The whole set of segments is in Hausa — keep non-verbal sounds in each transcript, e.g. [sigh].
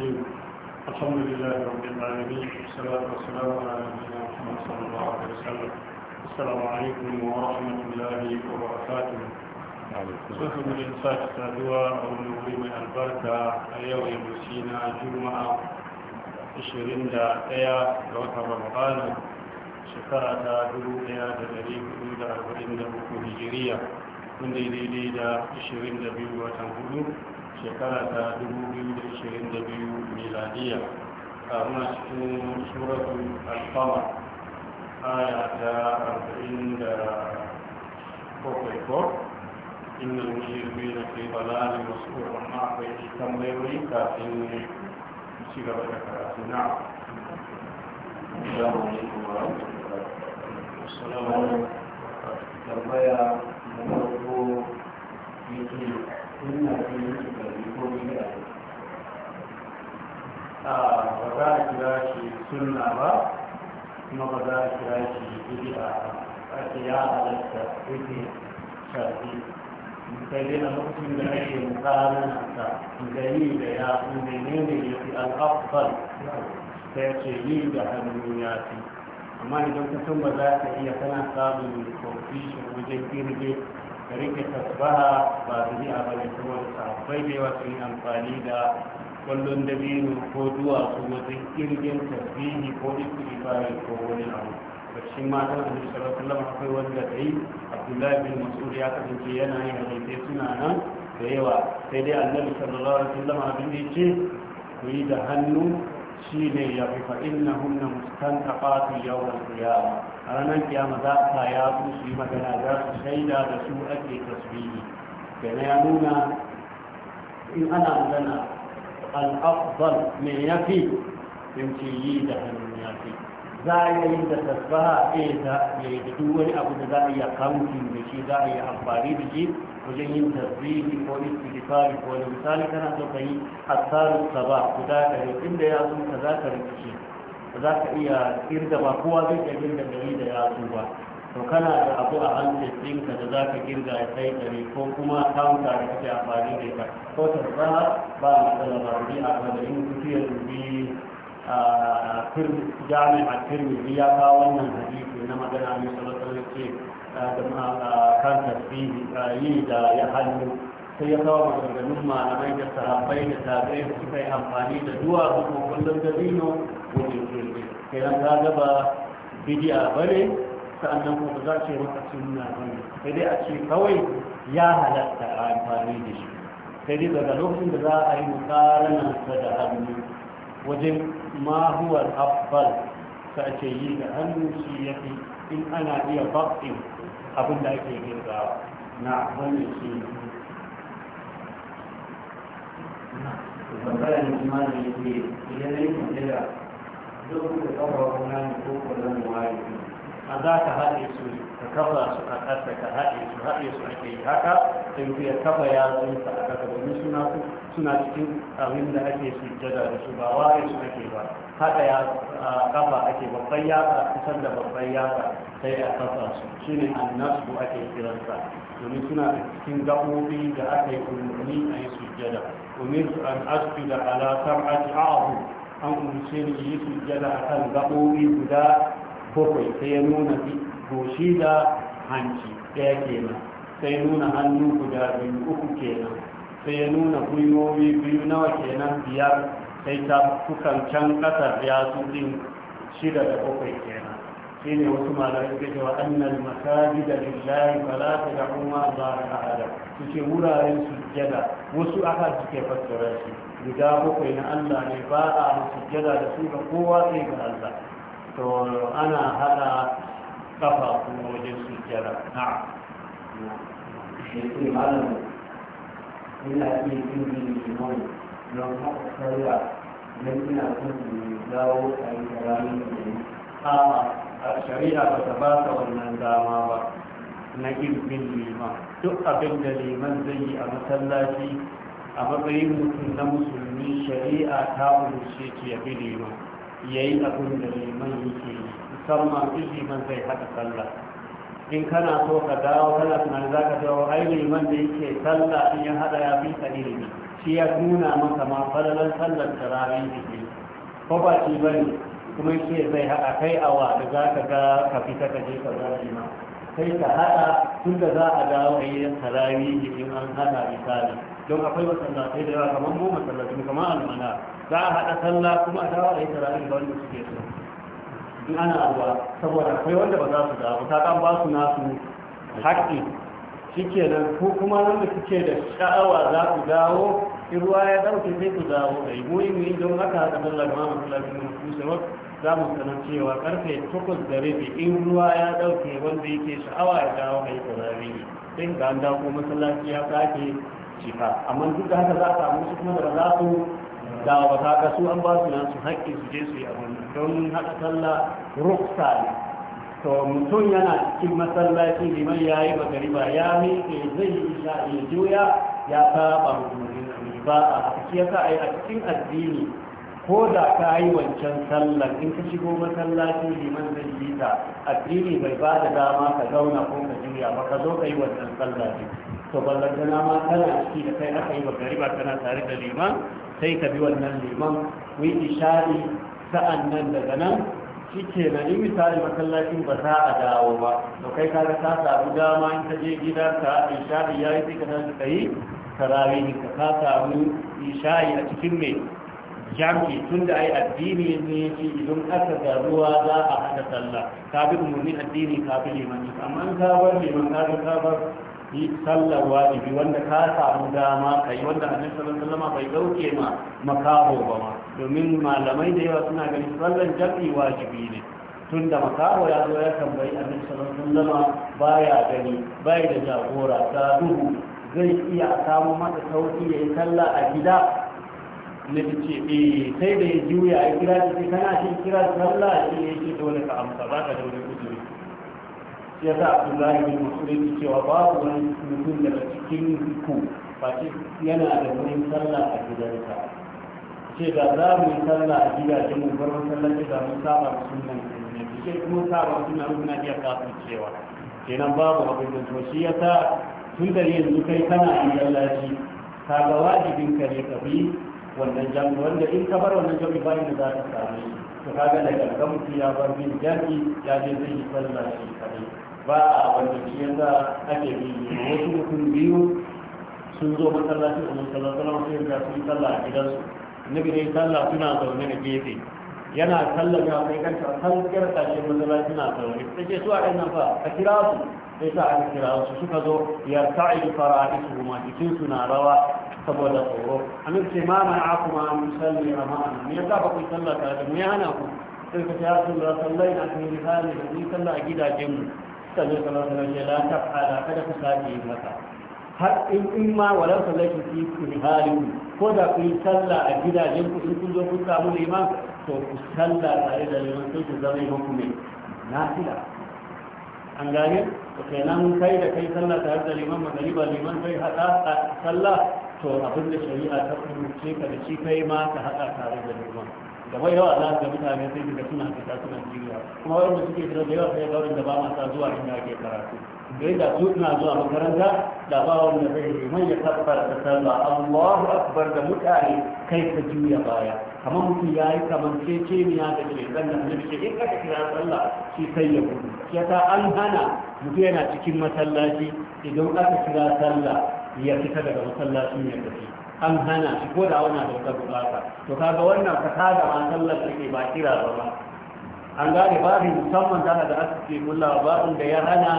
الرحيم الحمد لله رب العالمين والصلاة والسلام على نبينا محمد صلى الله عليه وسلم السلام عليكم ورحمة الله وبركاته سوف من الإنسان السادوة أو نوريم البركة اليوم يمسينا جمعة عشرين 21 دوت رمضان شكرا shekara ta 1443 hijiriya wanda daidai da 22 watan hudu shekara ta 2022 miladiya a muna cikin suratun alfama aya ta 47 ko inda mushirbi na ke balalin wasu ƙoron akwai tambayoyi kafin ci gaba da karatu na السلام عليكم ورحمة الله السلام عليكم. تربية نمرة ba za a kira shi sunna ba kuma ba za a kira shi bid'a a ce ya halatta shafi sai dai a lokacin da ake mukalanarsa da yi da ya kuma ne ne ya fi al'afal sai ce yi da hannun ya fi amma idan ka san ba za ka iya kana samun confusion wajen kirge ka rike tasbaha ba su yi a bane kuma da yawa wasu yi amfani da kwallon dabino ko duwatsu wasu kirgin tasbihi ko istighfari ko wani abu shi ma ta annabi sallallahu alaihi wasallam akwai wanda ta yi abdullahi bin mas'ud ya kasance yana yin hadisi suna nan da yawa sai dai annabi sallallahu alaihi wasallam abin da ya ce ku yi da hannu shi ne ya fi fa'in na hunna mustan taɓatu yau da kiyama a ranar kiyama za a sa su yi magana za su shaida da su ake tasbihi gane ya nuna in ana magana al'afdal mai yafi yanci yi da hannun yafi za a yi da tasbaha eh za ya yi da duk wani abu da za a yi accounting da shi za a yi amfani da shi wajen yin tasbihi ko istighfari ko wani misali kana so ka yi asaru ba guda ka yi inda ya zo ka za ka rikici ba za ka iya kirga ba kowa zai iya kirga dari da ya zo ba to kana da abu a hancin ɗinka da za ka girga ya sai ɗari ko kuma kawunta da kake amfani da ita ko tasbaha ba a matsala ba a kamarin kutiyar biyu jami'a tirmidhi ya kawo wannan hadisi na magana mai sallallahu alaihi wasallam ce kan tasbihi yi da ya hannu sai ya kawo maganganun malamai da sahabbai da tabi'ai da suka yi amfani da duwa ko kullum da dino wajen jirgi kenan ta gaba bidiya bare sa'annan kuma ba za ce maka sunna bane sai dai a ce kawai ya halatta a amfani da shi sai dai daga lokacin da za a yi mukaranarsa da hannu wajen mahuwar afbal ake yi da hannu shi ya fi in ana iya bakin abin da ake girgawa na wani shi Bangaren da yake idan na yi kundila duk da kafa kuna ne ko kuna ne wari a za ka haɗe su ka kafa su a ƙasa ka haɗe su haɗe su ake yi haka sai ya kafa yatsunsa a kasa domin suna suna cikin abin da ake sujjada da su ba waye su ake ba haɗa ya kafa ake babban yatsa kusan da babban yatsa sai a kasa su shine annasu ake kiransa domin suna cikin gaɓoɓi da aka yi umarni a yi sujjada umirtu an asjuda ala sab'ati abu an umarce ni yi sujjada akan gaɓoɓi guda bakwai sai ya nuna goshi da hanci ɗaya kenan sai nuna hannu guda biyu uku kenan sai ya nuna gwiwowi biyu nawa kenan biyar sai ta kukan can kasar ya tsutsin shida da bakwai kenan shi ne wasu malar da ke annal masaji da lillahi za ta da kuma a ahada su ce wuraren sujjada wasu aka suke fassara shi guda bakwai na allah ne ba a sujjada da su ga kowa sai ga allah to ana hada kafa kuma wajen sujjada na'am mai kai malamu ina iya don don a yi da a shari'a ba wannan na liman duk abin liman zai yi a masallaci a matsayin mutum na musulmi shari'a ta umarce ki ya bi liman ya yi liman yake yi musamman in zai haɗa sallah in kana so ka dawo kana tunanin za ka dawo ai liman da yake sallah in ya hada ya fi ka ilimi shi ya nuna maka ma falalan sallar tarawih jiki ko ba shi ba ne kuma shi zai haɗa kai awa da za ka ga ka fita ka je ka zaɓi ma sai ka haɗa tun da za a dawo a yi tarawih jikin an hada misali don akwai masallatai da yawa kamar mu masallatai kamar almana za a haɗa sallah kuma a dawo a yi tarawih ga wanda suke so in ana alwala saboda akwai wanda ba za su da ta ba su nasu haƙƙi shikenan ko kuma da suke da sha'awa za ku dawo in ruwa ya ɗauke sai ku dawo da yi mu yi don haka haka dalla ga mamu salafin za mu sanar cewa karfe takwas da rabi in ruwa ya ɗauke wanda yake sha'awa ya dawo da yi kuzari ne sai ga an dawo masallaci ya sake cika amma duk da haka za a samu su kuma da ba za su da ba ta ga su an ba su nan su haƙƙi su je su yi abin don haɗa sallah ruksa ne to mutum yana cikin masallaci liman ya yi bakari ba ya ke zai yi isha ya juya ya saba mutum ba a haƙƙi ya sa a cikin addini ko da ka yi wancan sallar in ka shigo masallaci liman zai yi ta addini bai ba da dama ka zauna ko ka juya ba ka zo ka yi wancan sallar to ballantana ma kana ciki da kai aka yi bakari ba kana tare da liman sai ka bi wannan liman ku yi ishari sa'an nan daga nan shi ke na ni misali masallacin ba za a dawo ba to kai kaga ta samu dama in ka je gida ka ishari ya yi sai ka nan ka yi tarawihi ka ta samu ishari a cikin mai jam'i tun da ai addini ne shi idan aka ga ruwa za a hada sallah ka bi umarni addini ka bi liman amma in ka bar liman ka ka bar yi sallar wajibi wanda ka samu dama ka yi wanda annabi sallallahu bai dauke ma makaho ba ma domin malamai da yawa suna ganin sallar jam'i wajibi ne tun da makaho ya zo ya tambayi annabi ba ya gani bai da jagora ta duhu zai iya samu masa sauki ya yi a gida na ce eh sai da ya juya ya kira ce kana shi kira sallah shi ya ce dole ka amsa ba ka dole wani ya sa abdullahi bin musulun cewa babu wani mutum daga cikin ku face yana da wurin sallah a gidansa ce da za mu yi sallah a gidajen mu bar masallaci da mu saba sunan annabi ce kuma saba sunan annabi na iya kafin cewa kenan babu abin da to shi ya sa tun da yanzu kai kana a masallaci ka ga wajibin ka ne ka bi wannan jami'i wanda in ka bar wannan jami'i bayan da za ka same shi to kaga daga gamsu ya bar bin jami'i ya je zai yi sallah shi kadai ba a wanda shi yasa ake bi wasu mutum biyu sun zo masallacin a sallallahu alaihi wasallam sai sun sallah a gidansu na gidan sallah suna zaune da gefe yana tallaga mai kanta tallagar tashin masallaci na zaune ta ce su a ɗan nan fa a kira su sai sa aka kira su suka zo ya sa'i fara isu kuma jikinsu na rawa saboda tsoro amin ce ma na aku ma an salli a ma'ana me yasa ba ku sallah tare mu ya hana ku sai ka ce ya sallah sallai na kan yi hali da ni sallah a gidajenmu sami da alaihi da ta tafala kada ku sake masa har in in ma walau sallaki fi kulhalin ko da ku yi sallah a gidajen ku in kun zo kun samu liman to ku sallah tare da liman sai ku zama muku na nafila an gane to kenan kai da kai sallah tare da liman ba liman kai hada sallah to abin da shari'a ta umarce ka da shi kai ma ka hada tare da liman da yawa za ga mutane sai daga suna fita suna jiriya kuma wanda suke fita da yawa sai ga da ba sa zuwa inda ake karatu dai da su suna zuwa makaranta da ba da zai yi ya tabbar da sallah Allahu akbar da mutane kai ka juya baya kamar mutum ya yi kamar cece ne ya ga ce zan da annabi ce in ka kira sallah shi sai ya gudu ya ta an hana mutum yana cikin masallaci idan aka kira sallah ya fita daga masallacin ya tafi an hana shi ko da wannan da wata bukata to kaga wannan ka da ma sallar take ba kira ba ba an gane babin musamman ta da asibiti kula in da ya hana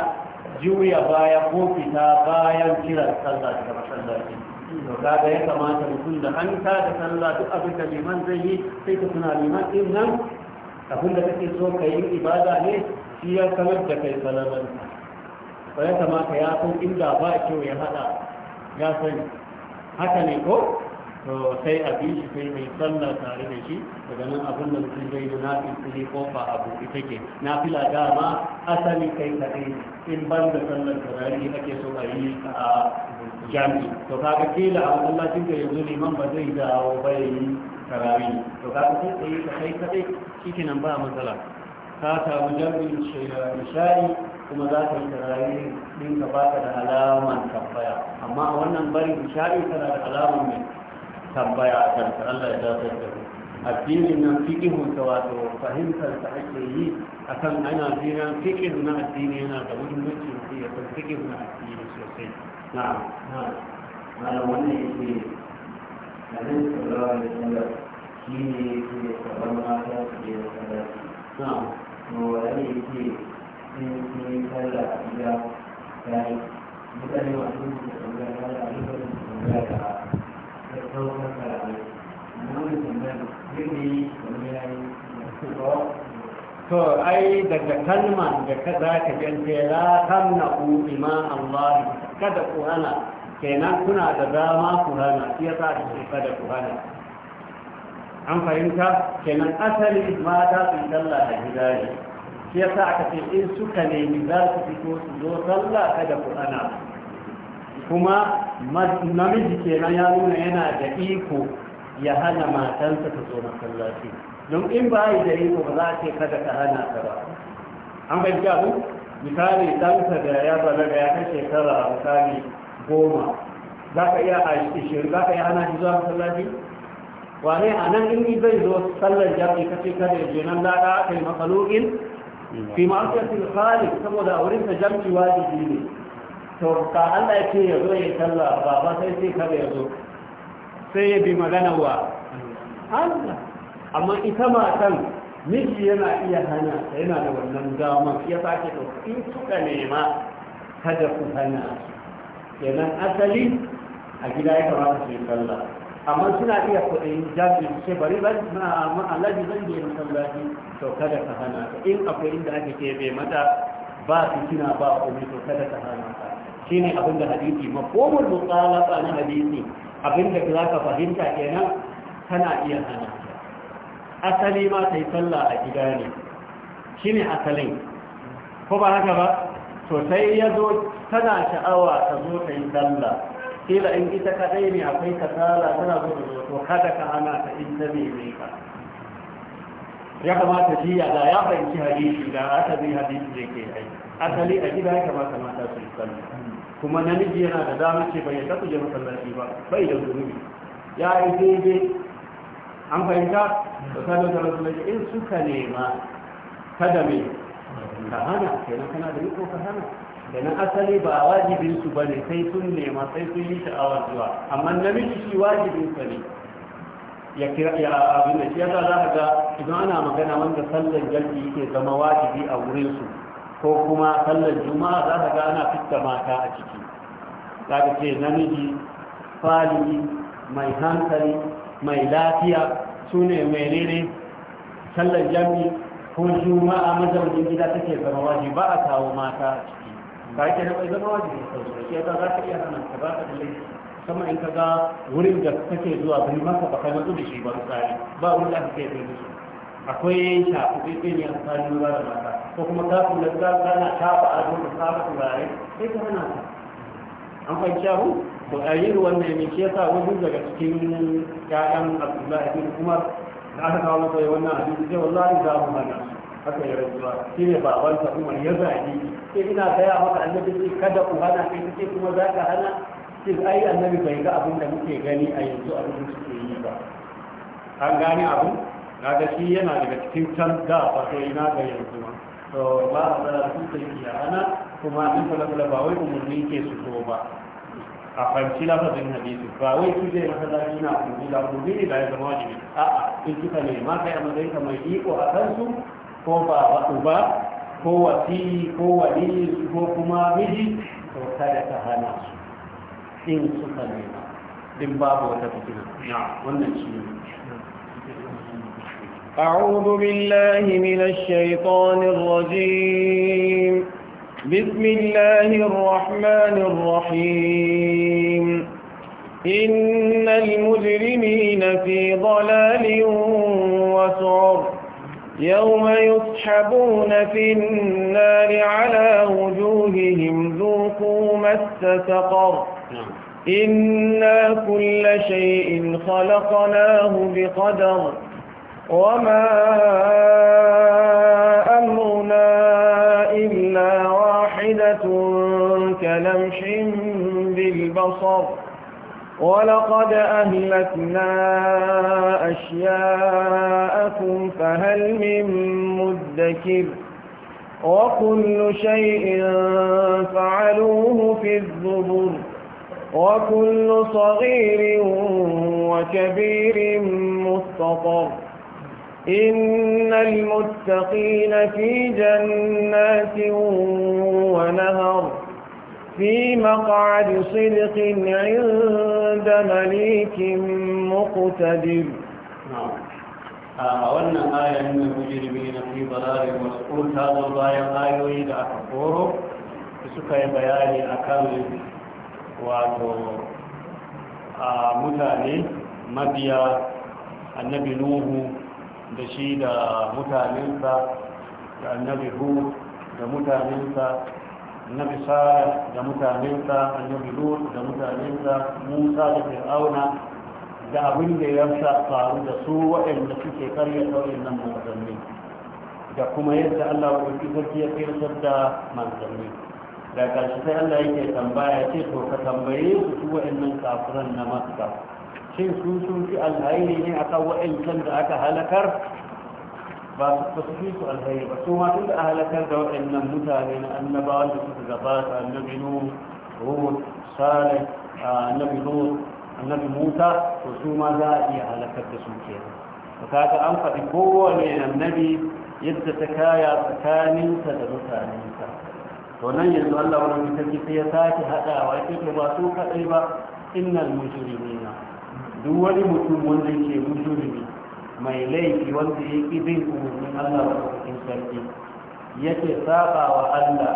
juya baya ko fita bayan kiran sallah daga masallaci to kaga ya kamata mutum da an ta da sallah duk abin da liman zai yi sai ka tuna liman din nan abin da kake so ka yi ibada ne shi ya kamar da kai sallar ba ya kamata ya san inda ba kyau ya hada ya sani haka ne ko sai a bi shi sai mai sallah tare da shi daga nan abin da mutum zai yi na tsiri ko ba abu ita ke na fila dama asali kai kaɗai in ban da sallar tarari ake so a yi a jami'i to kaga kila a masallacin da yanzu liman ba zai dawo ba ya yi tarari to kaga sai tsaye ka kai kaɗai shi nan ba matsala ka samu jami'in eh, sha'i. kuma za ka yi tarari ka ba ka da alaman tambaya amma a wannan bari bishari tana da alaman mai tambaya a kan Allah ya dace da addinin nan fiqihun ta wato fahimtar ta ake yi akan ana jiran fiqih na addini yana da muhimmanci mutum ya san fiqih na addini sosai na'am na'am wannan yake abin sauraron da shi ne yake da sabon mata su je da sallar na'am to wani yake to ai daga kalma da ka za ka jance la tamna'u ima Allah kada ku hana kenan kuna da dama ku hana ya yasa da shi kada ku hana an fahimta kenan asali ma ta sallah da gida ne shi sa aka ce in suka nemi za su fito su zo sallah kada ku ana kuma namiji kenan ya nuna yana da iko ya hana matansa ta zo masallaci don in ba yi da iko ba za a ce kada ka hana ta ba an fahimci abu misali ɗansa da ya balaga ya kai shekara misali goma za ka iya a ishirin za ka iya hana shi zuwa masallaci wane a nan in zai zo sallar jami'i kace kada ya je nan lada aka yi makhluqin fi ma'asiyatul khaliq saboda wurin ta jamci wajibi ne to ka Allah ya ce ya zo ya sallah baba sai sai kada ya zo sai ya bi magana wa Allah amma ita matan miji yana iya hana ta yana da wannan damar ya sake to in suka nema kada ku hana kenan asali a gida ya kamata su yi sallah amma suna iya kudin jami'in ce bari ban ma'alaji zan je masallaci to kada ka hana ka in akwai inda ake keɓe mata ba su kina ba komai to kada ka hana ka ne abin da hadisi mafhumul mutalaka na hadisi abin da za ka fahimta kenan kana iya hana asali ma sai sallah a gida ne ne asalin ko ba haka ba to sai ya zo tana sha'awa ta zo ta yi sallah kila in ita kaɗai ne akwai kasala tana gudu to kada ka ana ta in ta mai ka ya kamata shi ya da ya fahimci hadisi da aka bi hadisi da ke ai asali a gida ya kamata mata su yi sallah kuma namiji yana da damar ce bai ta kuje masallaci ba bai da zunubi ya yi daidai an fahimta da sallar da rasulaci in suka nema kada mai ka hana kenan kana da iko ka hana kenan asali ba wajibin su bane sai sun nema sai sun yi sha'awar zuwa amma namiji shi wajibin sa ne ya kira ya abin da shi yasa za ka ga idan ana magana wanda sallar jalbi yake zama wajibi a wurin su ko kuma sallar juma'a za ka ga ana fitta mata a ciki za ka ce namiji fali mai hankali mai lafiya sune ne menene sallar jami'i ko juma'a mazaunin gida take zama wajibi ba a kawo mata a ciki ka yake na bai zama wajibi sauki shi yasa za ka iya hana ka ba ka da laifi in ka ga wurin da kake zuwa bai maka ba kai matsu da shi ba tsari ba wurin da kake bai da akwai shafi bai ne a tsari ba da mata ko kuma ka kula da na shafa a da saba turare sai ka hana ka an fahimci abu to a yin wannan ne shi yasa wasu daga cikin ƴaƴan abdullahi bin umar da aka kawo masa wannan hadisi sai wallahi za mu hana su haka ya rantsuwa shi ne baban ta umar ya zagi sai ina gaya maka annabi sai kada ku hana kai kace kuma za ka hana sai ai annabi bai ga abin da muke gani a yanzu abin da suke yi ba an gane abu na ga shi yana daga cikin can da ba sai ina ga yanzu ma to ba a tsara sun sai kiya ana kuma in fara fara ba wai umarni ke su so ba a fahimci lafazin hadisi ba wai su zai masallaci na umarni da umarni ne da ya zama wajibi a'a in kika ne. Ma kai a matsayin kamar iko a kansu ko ba uba ko wasi ko wani ko kuma miji to kada ka hana su in suka nema din babu wata fitina wannan shi ne أعوذ بالله من الشيطان الرجيم بسم الله الرحمن الرحيم إن المجرمين في ضلال وسعر يوم يسحبون في النار على وجوههم ذوقوا مس سقر نعم. إنا كل شيء خلقناه بقدر وما أمرنا إلا واحدة كلمح بالبصر ولقد أهلكنا أشياءكم فهل من مدكر وكل شيء فعلوه في الزبر وكل صغير وكبير مستطر إن المتقين في جنات ونهر في مقعد صدق عند مليك مقتدر a wannan aya ne mujrimi na fi balari mas'ul ta zo bayan ayoyi da aka koro da suka yi bayani akan wato a mutane mabiya annabi nuhu da shi da mutanensa da annabi hu da mutanensa na bisa da mutanensa annabi lut da mutanensa musa da fir'auna da abin da ya faru da su waɗanda suke karya ɗaurin nan manzanni da kuma yadda allah wa sarki ya firtar da manzanni da ƙarshe sai allah yake tambaya ce to ka tambaye su su waɗannan kafiran na makka shin sun fi alhairi ne akan waɗancan da aka halakar ba su fi su alheri ba su ma tun da halakar da waɗannan mutane na annabawan da suka gabata annabi nu ruhun salih annabi nu annabi musa to su ma za a iya halakar da su ke to kaga an faɗi kowane annabi yadda ta kaya tsakaninsa da mutanensa to nan yanzu Allah wani mutaki sai ya sake haɗawa ya ce ba su kaɗai ba innal mujrimina duk wani mutum wanda ke mujrimi mai laifi wanda ya ƙi bin umarnin Allah da cikin sarki yake saƙa wa Allah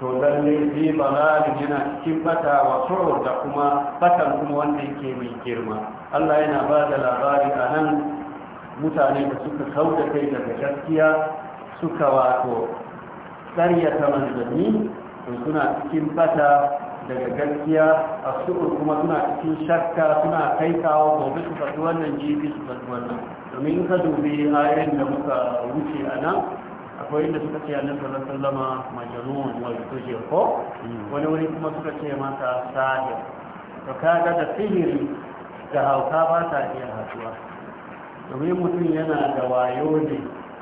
to lalle fi da yana cikin bata wa tsoro da kuma fatan kuma wanda yake mai girma Allah yana ba da labari a nan mutane da suka kau da kai daga gaskiya suka wato ta manzanni to suna cikin bata daga gaskiya a su'ur kuma suna cikin shakka suna kai kawo gobe su faɗi wannan jibi su faɗi wannan domin in ka dubi ayoyin da muka wuce a nan akwai inda suka ce annabi sallallahu alaihi wasallam majnun wa yutuje ko hmm. wani wuri kuma suka ce mata sahir to kaga da sihiri da hauka ba ta iya hasuwa domin mutum yana da wayo ne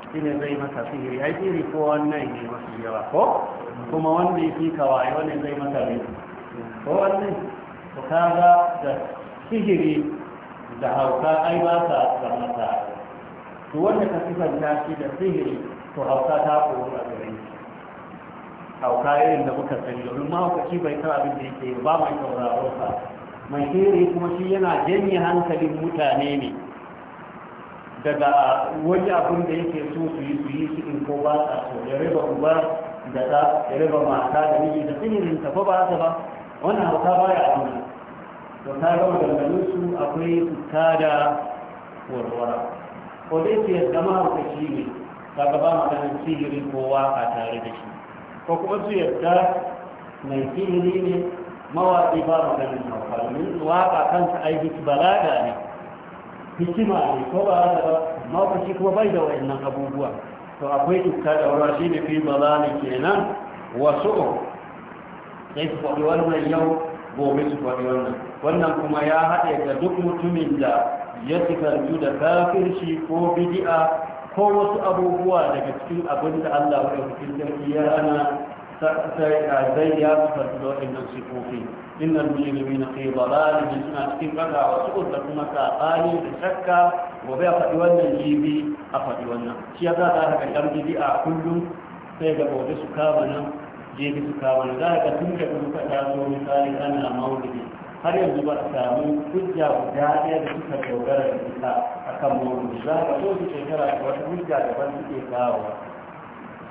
shine zai maka sihiri ai sihiri ko wannan ne mafi yawa ko hmm. kuma wanda ya fi ka wayo ne zai maka ne hmm. ko wannan to kaga da sihiri da hauka ai ba ta zama to wanda ka sifanta shi da sihiri to hauka ta koyi a gare shi hauka irin da muka sani domin mahaukaci bai san abin da yake ba mai sauraron sa mai sihiri kuma shi yana janye hankalin mutane ne daga wani abin da yake so su yi su yi shi in ko ba sa so ya riba uba da ta ya riba mata da miji da sihirin ta ba ta ba wannan hauka baya a wannan to ta ga maganganun su akwai su da warwara ko dai su da mahaukaci ne ka ba maganin sihiri ko waka tare da shi ko kuma su yadda mai sihiri ne mawaƙi ba maganin hauka domin waka kansa aiki balaga ne hikima ne ko ba da mahaukaci kuma bai da wayannan abubuwa to akwai iska da wura shi ne fi balani kenan wasu sai su faɗi wannan yau gobe su faɗi wannan wannan kuma ya haɗe ga duk mutumin da ya sikarju da kafirci ko bidi'a ko wasu abubuwa daga cikin abin da Allah wa ɗaukakin sarki ya rana zai ya sikarju da waɗannan sifofi na mujrimina fi dhalalin suna cikin fada wa su'ud da kuma sabani da shakka gobe a faɗi wannan jibi a faɗi wannan shi ya za ta haka bidi'a kullum sai ga gobe su kama nan jibi su kama nan za ka tun da kuma faɗa zo misali ana maulidi har yanzu ba a samu hujja guda ɗaya da suka dogara da ita a kan mawuyi za ka so su shekara da wata hujja daban suke kawo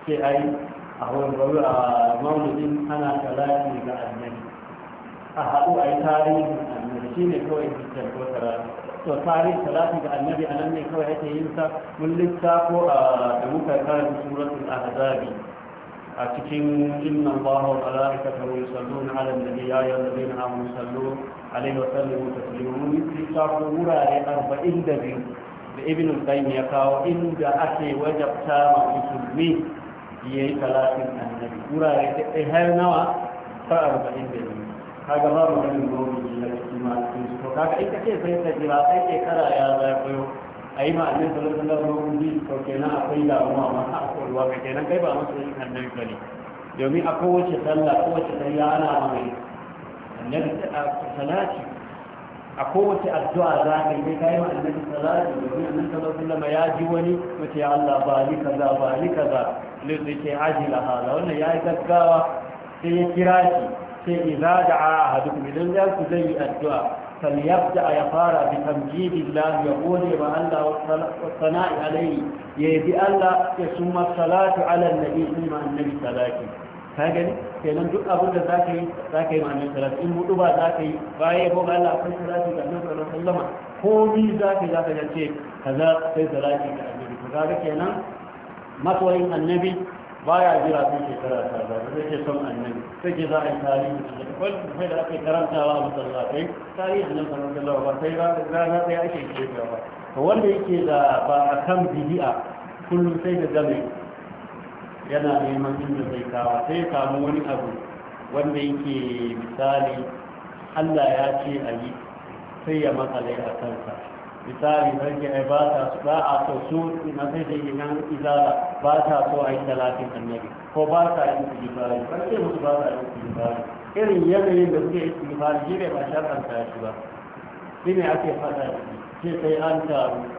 sai ai a wani a maulidin ana talaki ga annabi a haɗu a yi tarihin annabi shi ne kawai hujjar ko tara to tarihin talaki ga annabi a nan ne kawai ake yin sa mun lissa ko a da muka karanta suratul ahzabi a cikin inna allaha wa malaikatahu yusalluna ala nabi ya ayyuhal ladina amanu sallu alaihi wa sallimu taslima mun fi wurare 42 da ibn al-qayyim ya kawo inda ake wajabta ma musulmi yayi talatin annabi wurare da har nawa ta biyu kaga mu ganin gobe da cikin ma cikin to kaga ita ce sai ta jira sai ke kara ya zakoyo a yi ma'anin sallallahu alaihi wasallam ji to kenan akwai damuwa ma a kwalwa ka kenan kai ba masu yin annabi ne domin a kowace sallah kowace sallah ana mai annabi salati a kowace addu'a za ka yi kai ma annabi salati domin annabi sallallahu alaihi wasallam ya ji wani mace ya Allah ba ni kaza ba ni kaza ne sai ce ajila hala wannan yayi gaggawa sai ya kira shi sai idza da'a ahadukum idan za ku zai addu'a فليبدأ يفارى بتمجيد الله يقول ما الله والثناء عليه يهدي الله يسمى الصلاة على النبي إما النبي صلاة kagani kenan duk abin da za yi za yi ma'anin salatu in mutu ba za yi baya ya boga Allah akwai salatu ga annabi sallallahu alaihi wasallam za ka yi kaza sai salati ga annabi kaga kenan masoyin annabi baya jira sai ke ta ba sai ke son annabi sai ke za a yi tarihi da kwallon sai da aka yi ake karantawa a kai, tarihi nan sanar da lawa ba sai rana sai ake shekara ba to wanda yake da ba a kan bidi'a kullum sai da game yana neman inda zai kawo sai ya samu wani abu wanda yake misali allah ya ce a yi sai ya matsale a kansa misali sarki ai ba ta su ba a so su masajin nan izala ba ta so a yi talatin annabi ko ba ta yi istighfari sarki musu ba ta yi istighfari irin yanayin da suke istighfari shi ne ba shar'anta shi ba shi ne ake fada shi sai an taru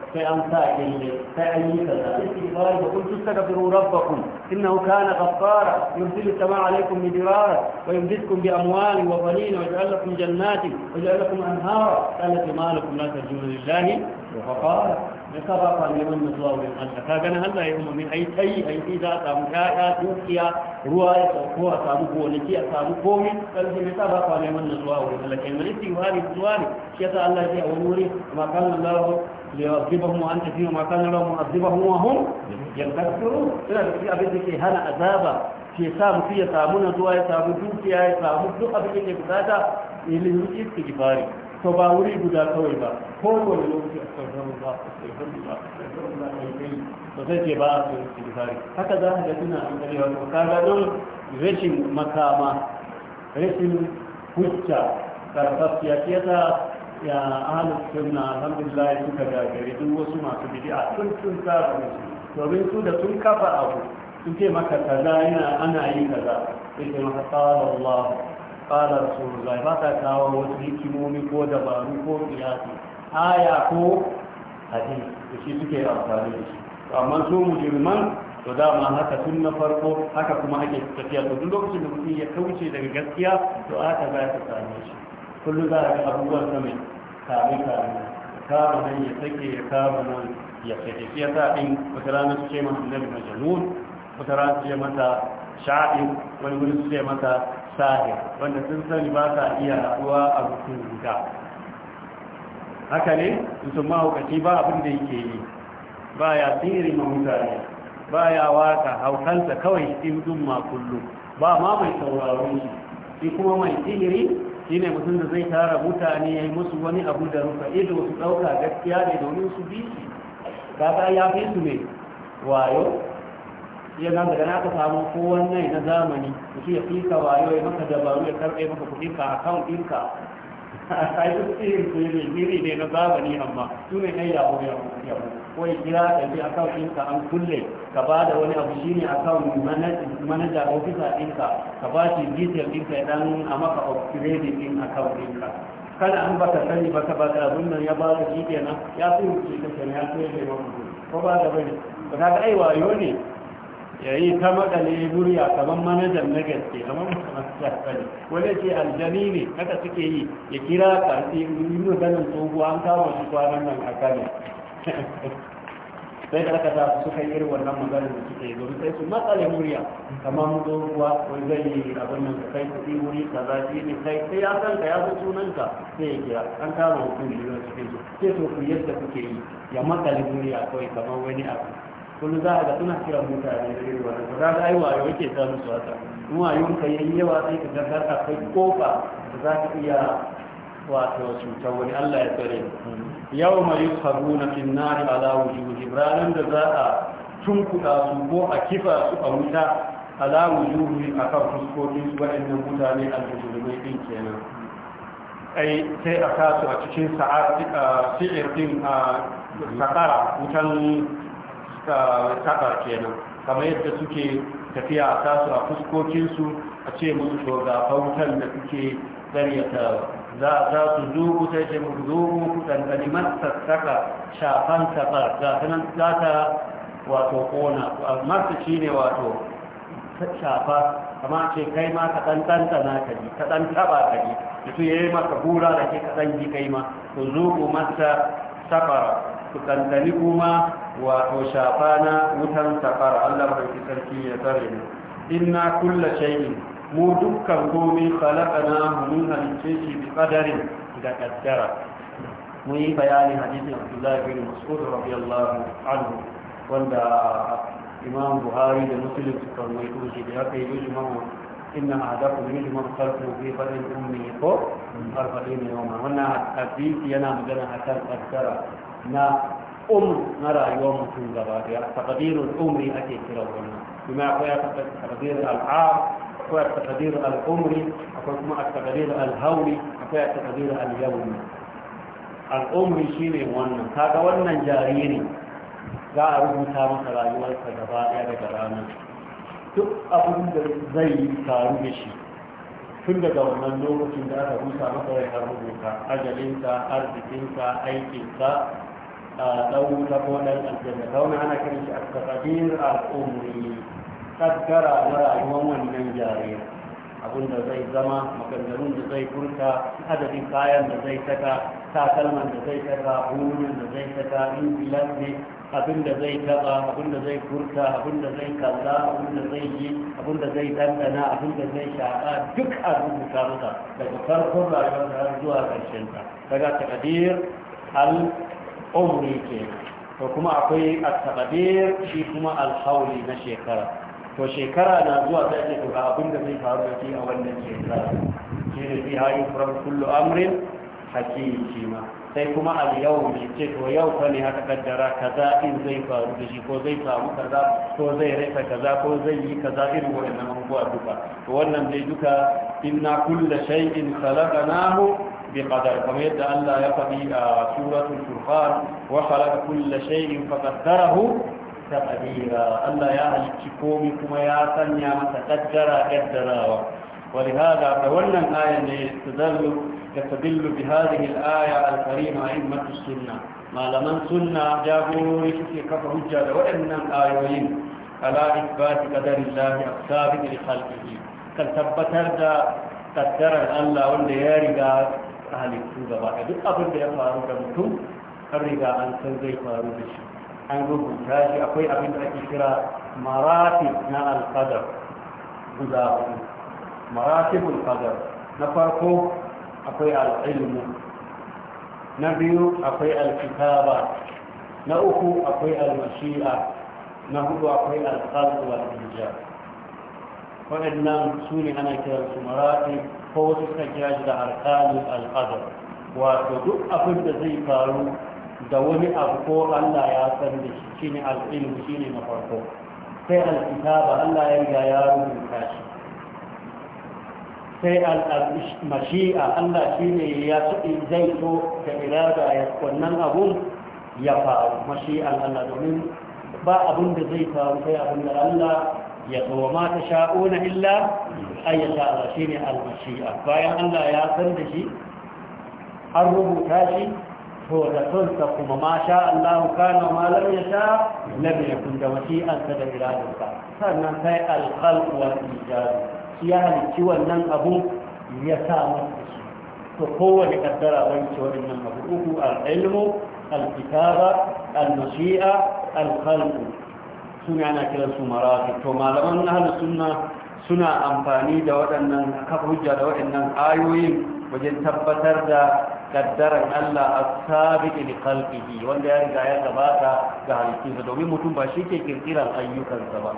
وقل تستغفروا ربكم إنه كان غفارا يرسل السماء عليكم مدرارا ويمددكم بأموال وبنين ويجعل لكم جنات ويجعل لكم أنهارا التي مالكم لا ترجون لله وفقارا لسبقا لمن مزوى من خلقها كان هلا يؤمن من أي شيء أي إذا تمشاكا توكيا رواية وقوة سابقه ونسي أسابقه من فلسي لسبقا لمن مزوى من خلقها من استغفاري بسواري شيطة الله جاء وما قال الله ليعذبهم وأنت فيهم ما كان لهم معذبهم وهم يستكبرون إلى في أبي هنا عذابا ke sa mutu ya samu nazuwa ya samu dukiya ya samu duk abin da ke bukata ilimin istighfari to ba wuri guda kawai ba ko wani lokaci a kan ba to sai ce ba a kan haka za ka ga tuna an gare wato makama rashin hujja karfafiya ya ahalus sunna alhamdulillah suka gagari duk wasu masu bid'a tun sun tsara musu domin su da sun kafa abu sun ce maka kaza yana ana yi kaza sai maka qala Allah su zai ba ta kawo wasu hikimomi ko dabaru ko kiyasi aya ko hadisi da shi suke amfani da shi amma su mujirman to dama haka tun na farko haka kuma ake tafiya to duk lokacin da mutum ya kauce daga gaskiya to aka za ka same shi kullum za a ga abubuwan sami kare-kare. kame kama nan ya sake ya kama nan ya sake shi ta in wata rana su ce masa annabi majnun wata rana su ce masa sha'in wani wuri su ce masa sahi wanda sun sani ba sa iya haɗuwa a rukun guda haka ne mutum mahaukaci ba abin da yake yi ba ya tsiri ma mutane ba ya waka haukansa kawai shi mutum kullum ba ma mai sauraron shi shi kuma mai tsiri shine mutum da zai tara mutane ya yi musu wani abu da rufa ido su ɗauka gaskiya ne domin su bi shi kaga ya fi su ne wayo iya zan daga naka samu ko wannan na zamani da shi ya fi ka wayo ya maka dabaru ya karɓe maka kuɗin ka akawun ɗinka a [laughs] kai su tsirin su ne ne na zamani amma su ne ɗan yawon yawon ko ya kira ka bi account ɗinka an kulle ka ba da wani abu shine account manager officer ɗinka ka ba shi detail ɗinka ya dan a maka upgrade ɗin account ɗinka kada an baka sani baka ba ka abin nan ya ba da shi kenan ya fi wuce ka kenan ya fi wuce ko ba da bane ba ka ga aiwa yo ne ya yi ta makale murya kamar manajan na gaske kamar masarfari wani ce aljani ne haka suke yi ya kira ka sai yi ganin tsohuwa an kawo shi kwanan nan a kano sai da aka tafi suka yi irin wannan maganin da suke domin sai su matsale murya kamar mu zo ruwa wani zai yi abin nan kai kuɗi wuri za shi ne kai sai ya san ka ya zo sunanka sai ya kira an kama hukun biyu da suke so sai to ku yadda kuke yi ya matsale murya kawai kamar wani abu kullum za a ga suna kiran mutane da irin wannan za ka aiwa yau yake sa musu haka in wayon ka yayi yawa sai ka ga akwai kofa da za ka iya wato cutar wani Allah ya tsare yau mai yi sabu na finnari alawu juhi ranar da za a tunkuɗa su ko a kifa su a wuta alawu juhi a kan fuskokin su waɗannan mutane a jirgin ɗin kenan ai sai a kasu a cikin sa'ar ɗin a sakara wutan sakar kenan kamar yadda suke tafiya a kasu a fuskokinsu a ce musu shugaba wutan da suke zaryata za su zuku sai ce mu zuku ɗanɗani masassaka shafan safar ga sanan za ta wato ƙona masu shi ne wato shafa kama ce kai ma ka ɗan ɗanɗana ka ji ka ɗan taɓa ka ji mutum ya yi maka gura da ke ka ɗan ji kai ma ku zuku masa safara ku ɗanɗani kuma wato shafa na wutan safara allah bai sarki ya tsare mu inna kulla shay'in mu dukkan gomi khalaqana mun halice shi bi qadarin da qaddara Mu yi bayani hadisin Abdullah bin Mas'ud radiyallahu anhu wanda Imam Buhari da Muslim suka rawaito shi da haka yi Imam inna ahadakum yujma'u khalquhu fi batni ummi ko arba'in yawma wannan hadisi yana magana akan qaddara na um na rayuwar mutum gaba daya taqdirul umri ake kira wannan kuma akwai takadirin al'am akwai at-taqdir al-umri akwai kuma at-taqdir al-hawli akwai at-taqdir al-yawmi al-umri shine wannan kaga wannan jariri za a rubuta masa rayuwarsa gaba ɗaya daga ranar duk abin da zai taru da shi tun daga wannan lokacin da aka rusa masa ya har rubuta ajalinsa arzikinsa aikinsa a ɗau ta ko ɗan aljanna ta wani ana kiran shi a tsadir al'umri kaskara na rayuwar wannan jariya abin da zai zama maganganun da zai furta adadin kayan da zai saka takalman da zai saka burin da zai saka ingilan ne abin da zai taba abin da zai furta abin da zai kalla abin da zai yi abin da zai dandana abin da zai shaƙa duk a rubuta masa daga farkon rayuwar har zuwa ƙarshen ta daga takadir al umri ke to kuma akwai at-takadir shi kuma al-hawli na shekara to shekara na zuwa ta ce tura ga abin zai faru da shi a wannan shekara shi ne fi hayi from kullu amrin hakim shi ma sai kuma al yau ne ce to yau fa ne haka kaddara kaza in zai faru da shi ko zai samu kaza ko zai rasa kaza ko zai yi kaza irin wannan abubuwa duka to wannan dai duka inna kullu shay'in khalaqnahu بقدر كما يدعى الله يقضي سورة الفرقان وخلق كل شيء فقدره taɗira Allah ya halicci komi kuma ya sanya masa ƙaddara ƙaddarawa wani haɗa da wannan ayan ne su zallu da tabillu bi hadihil aya al-karima in mata sunna malaman sunna jagorori suke kafa hujja da waɗannan ayoyin ala isbati qadarin lahi a sabi da halkihi kan tabbatar da ƙaddarar Allah wanda ya riga halittu gaba duk abin da ya faru da mutum har riga ansan zai faru da shi an rubuta shi akwai abin da ake kira maratib na alqadar guda hudu maratibul qadar na farko akwai al'ilmu na biyu akwai alkitaba na uku akwai almashi'a na hudu akwai alqalb wal ijab waɗannan su ne ana kiran su maratib ko wasu suka kira shi da arkanul alqadar wato duk abin da zai faru da wani abu ko Allah ya san da shi shine al-ilm shine na farko sai al-kitaba Allah ya riga ya rubuta shi sai al-mashi'a Allah shine ya tsaye zai so da irada ya wannan abu ya faru mashi'a Allah domin ba abun da zai faru sai abun da Allah ya so ma ta sha'una illa ayyata Allah shine al-mashi'a bayan Allah ya san da shi an rubuta shi توتنسى كما ما شاء الله كان وما لم يشاء لم يكن كمشيئا كذا إرادتك sannan sai alkhalq wal ijad shi ya halicci wannan abu ya sa masa shi to kowace kaddara wani ce wannan abu uku al-ilmu al-kitaba al-mashi'a al-khalq suna ana kiran su marafi to malaman ahlus sunna suna amfani da waɗannan kafa hujja da waɗannan ayoyin wajen tabbatar da kaddaran Allah as-sabiqi li khalqihi wanda ya riga ya gabata ga halittunsa domin mutum ba shi ke kirkiran ayyukansa ba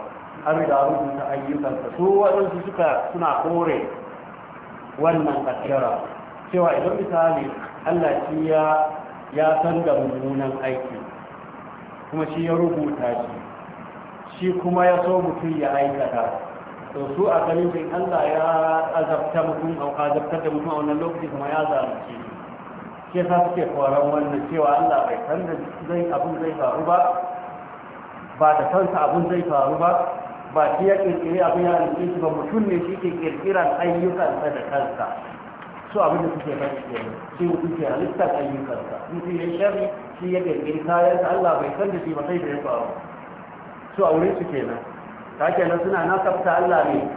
an riga rubuta ayyukansa su waɗansu suka suna kore wannan kaddara cewa idan misali Allah shi ya ya san da mummunan aiki kuma shi ya rubuta shi shi kuma ya so mutum ya aikata to su a ganin Allah ya azabta da mutum a wannan lokaci kuma ya zalunce shi ke sa suke koran wannan cewa Allah bai san da zai abun zai faru ba ba da kansa abun zai faru ba ba shi ya kirkiri abin ya rike shi ba mutum ne shi ke kirkiran ayyukansa da kansa su abin da suke ba shi kenan shi mutum ke halittar ayyukansa shi ya shari shi ya kirkiri sa Allah bai san da shi ba sai da ya faru su a wurin su kenan ta kenan suna na kafta Allah ne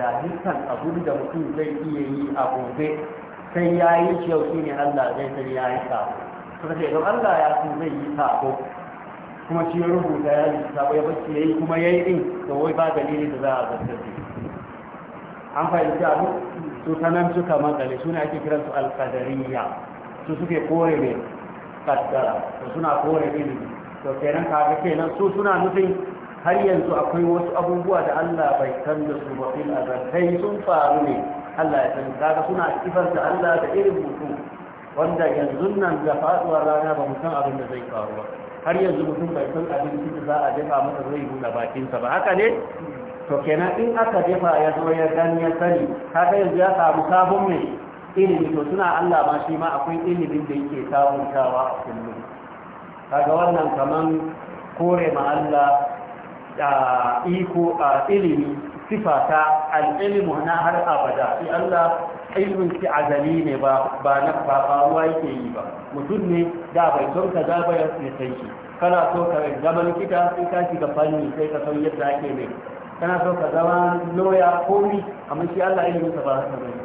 da halittar abun da mutum zai iya yi a gobe sai ya yi shi ne Allah zai sai ya yi sabo ko ce don Allah ya san zai yi ko kuma shi ya rubuta ya yi ko ya bace ya yi kuma ya yi din to wai ba dalili da za a zartar shi an fahimci abu su ta nan suka makale suna ake kiransu qadariyya su suke kore ne kaddara to suna kore ilimi to kenan ga kenan su suna nufin har yanzu akwai wasu abubuwa da Allah bai san da su ba fil azal sun faru ne Allah ya sani kaga suna kifarta Allah da irin mutum wanda yanzu nan da faɗuwar rana ba mutum abin da zai faru ba har yanzu mutum bai san abinci da za a dafa masa zai buɗe bakinsa ba haka ne to kenan in aka dafa ya zo ya gani ya sani kaga yanzu ya samu sabon mai ilimi to suna Allah ma shi ma akwai ilimin da yake sabuntawa a kullum kaga wannan kaman kore ma Allah da ah, iko a ah, ilimi sifata ta al'ilmu na har abada fi Allah ilmin ki azali ne ba ba na ba ruwa yake yi ba mutum ne da bai son ka za bai ya san shi kana so ka zama likita sai ka shiga fanni sai ka san yadda ake ne kana so ka zama loya komi amma shi Allah ilmin sa ba haka bane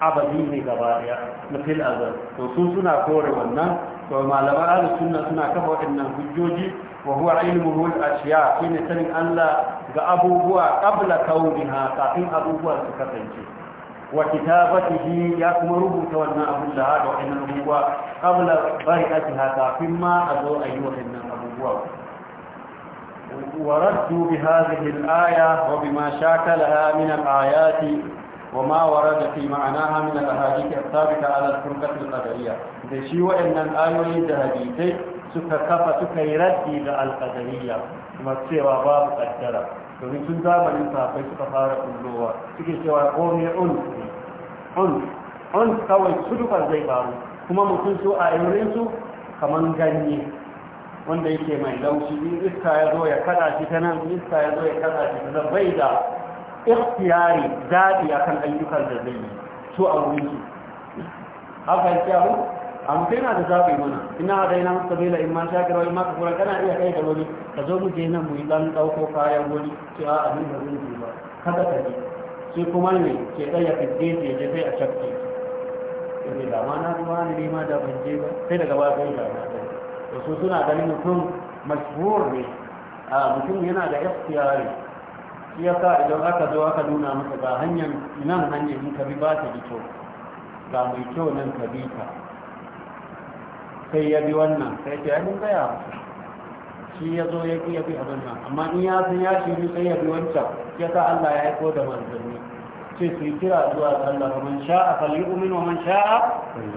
abadi ne gaba daya na fil azal to su suna kore wannan to malaman ahlus sunna suna kafa waɗannan hujjoji wa huwa ilmuhu al-ashiya shine sanin Allah ga abubuwa qabla kauniha kafin abubuwa su kasance wa kitabatihi ya kuma rubuta wannan abun da hada wannan abubuwa qabla bai'atiha kafin ma a zo a yi wannan abubuwa وردوا بهذه الآية وبما شاكلها من الآيات وما ورد في معناها من الأحاديث الثابتة على الفرقة القدرية ده شيء وإن الآية الذهبية سكا كفا سكا يردي للقدرية masu cewa babu kaddara domin tun zamanin bai suka fara kullowa suke cewa komai un un un kawai sudufar zai faru kuma mutum su a irin su kamar ganye wanda yake mai laushi in iska ya zo ya kada shi ta nan iska ya zo ya kada shi ta nan bai da ikhtiyari zaɓi akan ayyukan da zai yi su a wurin su haka yake amma yana da zaɓi mana ina da yana sabila in ma shakira wani maka kura kana iya kai da wani ka zo mu je nan mu yi dan ɗauko kayan wani ce a abin da zan ba kada ka ji. sai kuma ne ke ɗaya ka je je je sai a cakki ce da ma na ruwa ne ma da ban je ba sai daga ba kai da na ɗaya da su suna ganin mutum mashhur ne a mutum yana da ikhtiyari shi yasa idan aka zo aka nuna masa ga hanyar nan hanyar in ka bi ba ta ji kyau ga mai kyau nan ka bi ta sai ya bi wannan sai ce yanin gaya shi ya zo ya ya bi abin nan amma in ya san ya shi ne sai ya bi wancan ya sa Allah ya aiko da manzanni ce su yi kira zuwa ga Allah man sha'a falyu'min wa man sha'a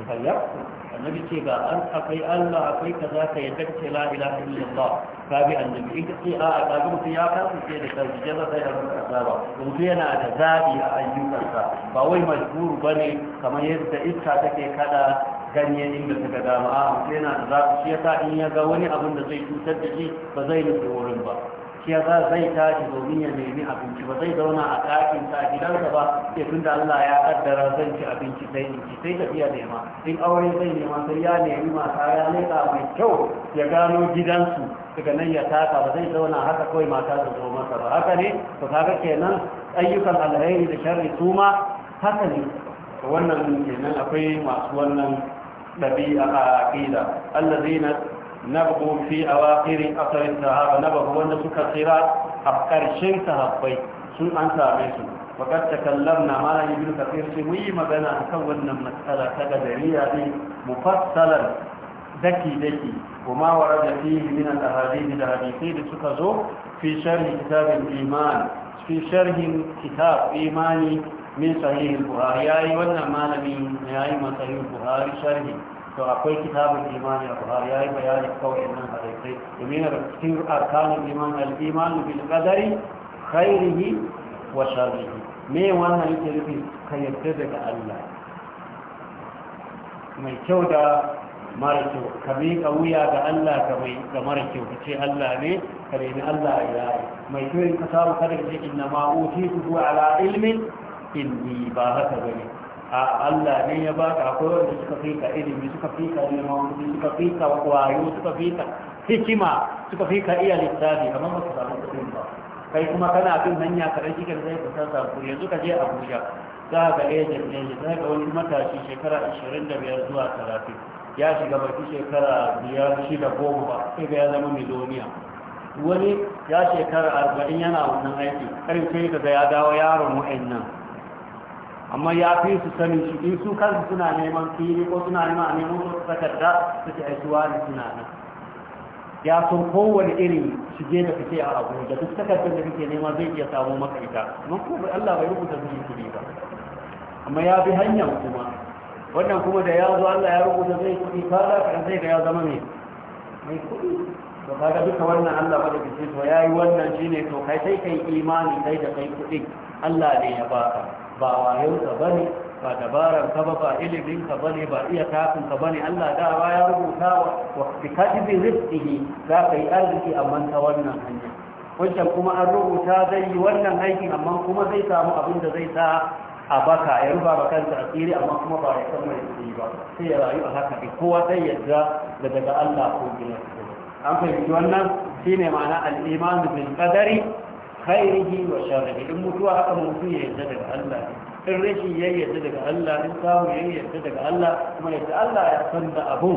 falyakfur annabi ce ga an akwai Allah akwai za ka yadda ce la ilaha illallah ka bi annabi in ka ce a a kaga mutum ya kasu ce da kansu jaza sai da mutum kaza ba mutum yana da zabi a ayyukansa ba wai ba bane kamar yadda iska take kada ganye inda suka dama a yana da su shi yasa in ya ga wani abin da zai cutar da shi ba zai nufi wurin ba shi yasa zai tashi domin ya nemi abinci ba zai zauna a ɗakin sa gidansa ba sai tun da Allah ya kaddara zan ci abinci sai in ci sai tafiya nema in aure zai nema sai ya nemi mata ya leƙa mai kyau ya gano gidansu daga nan ya taka ba zai zauna haka kawai mata su zo masa ba haka ne to kaga kenan ayyukan alheri da sharri su ma haka ne wannan kenan akwai masu wannan دبي آه، الذين نبغوا في أواخر أثر السهارة نبغوا ونسوا كثيرات أفكار شيء تهبي سوء أنت عميسوا وقد تكلمنا ما لا يبين كثير شيء ويما بنا أكونا مسألة كدرية مفصلا ذكي ذكي وما ورد فيه من الأهاديث الهديثين لسكزوا في شرح كتاب الإيمان في شرح كتاب إيماني min sahihin Buhari ya yi wannan malamin ya yi sahih al-bukhari sharhi to akwai kitabul iman Buhari ya yi bayani kawai nan a dai domin da cikin arkanul iman al da bil qadari khairihi wa sharrihi me wannan yake nufi ka yarda daga Allah mai kyau da mara kyau ka miƙa wuya ga Allah ka mai ga mara kyau ka ce Allah ne ka nemi Allah ya yi mai kyau in ka samu kada ka ce inna ma utitu ala ilmin ilmi ba haka bane a Allah ne ya baka akwai wanda suka fi ka ilimi suka fi ka neman suka fi ka wayo suka fi ka hikima suka fi ka iya littafi kamar ba su samu kuɗin ba kai kuma kana bin hanya kaɗan shi kan zai fita samu yanzu ka je Abuja za ka ga ejen ne za ka wani matashi shekara ashirin da biyar zuwa talatin ya shiga baki shekara biyar shida goma ba sai ga ya zama miloniya wani ya shekara arba'in yana wannan aiki karin sai ka ga ya dawo yaron wa'annan amma ya fi su sani shi in su kansu suna neman fili ko suna neman a neman su takarda su ce aisuwa da suna nan ya sun kowane irin shige da fice a abu da duk takardar da kake nema zai iya samu maka ita amma kuma Allah bai rubuta zai kuɗi ba amma ya bi hanyar kuma wannan kuma da ya zo Allah ya rubuta zai kuɗi ka za ka zai ga ya zama mai mai kuɗi to kaga duka wannan Allah ba da kace to yayi wannan shine to kai sai kai imani kai da kai kuɗi Allah ne ya baka ba wayonka ba ne ba dabararka ba ba iliminka ba ne ba iya tafinka ba ne allah dawa ya rubuta wa katibi rizkihi za ka yi arziki amma ta wannan hanya wancan kuma an rubuta zai yi wannan aikin amma kuma zai samu abin da zai sa a baka ya ruba ba kansa asiri amma kuma ba ya san mai tsiri ba sai ya rayu a haka ne kowa sai yadda da daga Allah ko gina an fahimci wannan shine ma'ana al bin bil qadari khairihi wa sharrihi in mutuwa haka mutu ya yarda daga Allah in rashin ya yarda daga Allah in samu ya yarda daga Allah kuma yadda Allah ya san da abu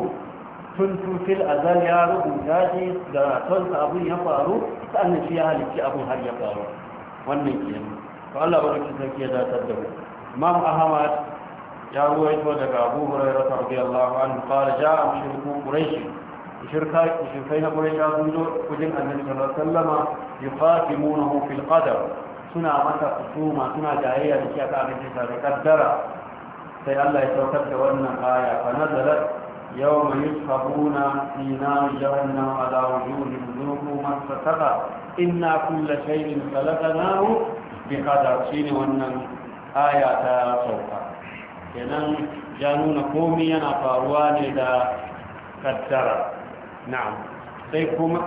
tun tufil azal ya rubuta shi da tonsa abun ya faru sannan shi ya halicci abu har ya faru wannan kenan to Allah barkin sarki ya datar da mu Imam Ahmad ya ruwaito daga Abu Hurairah radiyallahu anhu qala ja'a mushriku quraish shirkai na ƙwarisha sun zo kujin annabi sallallahu sallama ya fafi munahu fil qadar suna mata kusuma suna jayayya da kiyata a cikin sa da kaddara sai Allah ya saukar da wannan aya fa nazalat yawma yusfabuna fi nar jahannam ala wujuhihim dhuqu masu saka ina kulla na khalaqnahu bi shi ne wannan aya ta sauka kenan ya nuna komai yana faruwa ne da kaddara na'am sai kuma